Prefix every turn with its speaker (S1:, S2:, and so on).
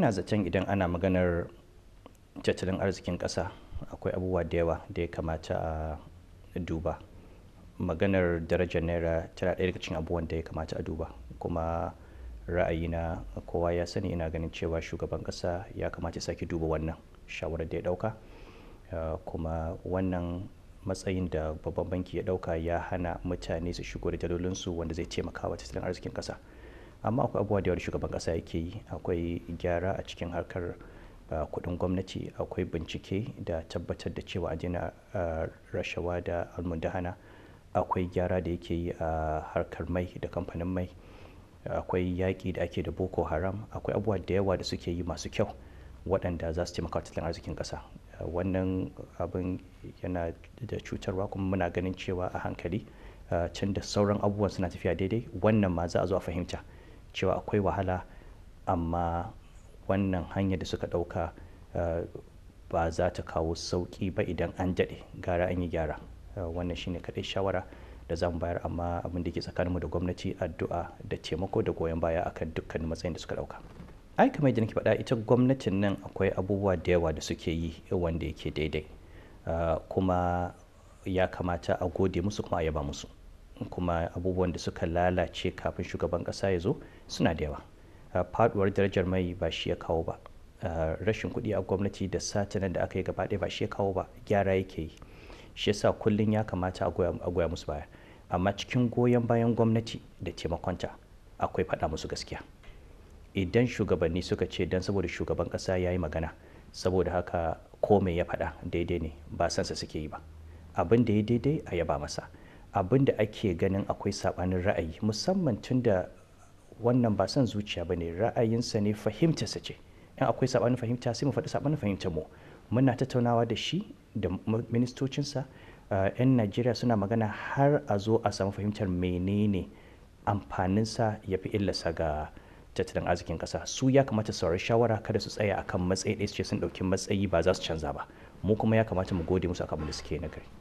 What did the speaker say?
S1: ina zaton idan ana maganar tattalin arzikin kasa akwai abubuwa da yawa da ya kamata a duba maganar darajar naira tana ɗaya daga cikin abubuwan da ya kamata a duba kuma na kowa ya sani ina ganin cewa shugaban kasa ya kamata sake duba wannan shawarar da ya ɗauka ah, kuma wannan matsayin da babban banki ya ɗauka ya hana mutane su shigo da dalolinsu wanda zai taimaka wa tattalin arzikin kasa. amma akwai abubuwa da yawa shugaban kasa yake yi akwai gyara a cikin harkar kudin gwamnati akwai bincike da tabbatar da cewa adina rashawa da almundahana akwai gyara da yake yi a harkar mai da kamfanin mai akwai yaƙi da ake da boko haram akwai abubuwa da yawa da suke yi masu kyau waɗanda za su taimaka tattalin arzikin ƙasa wannan abin yana da cutarwa kuma muna ganin cewa a hankali tun da sauran abubuwan suna tafiya daidai wannan ma za a zo a fahimta cewa akwai wahala amma wannan hanyar da suka ɗauka eh, ba za ta kawo sauƙi ba idan an daɗe gara an yi gyara eh, wannan shine kadai shawara da zan bayar amma abin da ke tsakaninmu da gwamnati addu'a da taimako da goyon baya akan dukkanin matsayin da suka ɗauka. ai kamar yadda nake faɗa ita gwamnatin nan akwai abubuwa da yawa da suke yi wanda yake daidai eh, kuma ya kamata a gode musu kuma a yaba musu kuma abubuwan da suka lalace kafin shugaban ƙasa ya zo suna da yawa faduwar darajar mai ba shi ya kawo ba rashin kuɗi a gwamnati da satinan da aka yi gaba ɗaya ba shi ya kawo ba gyara yake yi shi yasa kullum ya kamata a goya musu baya amma cikin goyon bayan gwamnati da taimakonta akwai faɗa musu gaskiya idan shugabanni suka ce don saboda shugaban ƙasa ya yi magana saboda haka ko mai ya faɗa daidai ne ba sansa suke yi ba abin da ya daidai a yaba masa abin da ake ganin akwai sabanin ra'ayi musamman tun da wannan ba son zuciya ba ne ra'ayinsa ne fahimtarsa ce in akwai sabanin fahimta sai mu faɗi sabanin fahimta mu muna tattaunawa da shi da ministocinsa 'yan eh, najeriya suna magana har a zo a samu fahimtar menene amfaninsa ya fi illasa ga tattalin arzikin kasa su ya kamata su shawara kada su tsaya akan matsayi ɗaya su ce sun ɗauki matsayi ba za su canza ba mu kuma ya kamata mu gode musu akan da suke nagari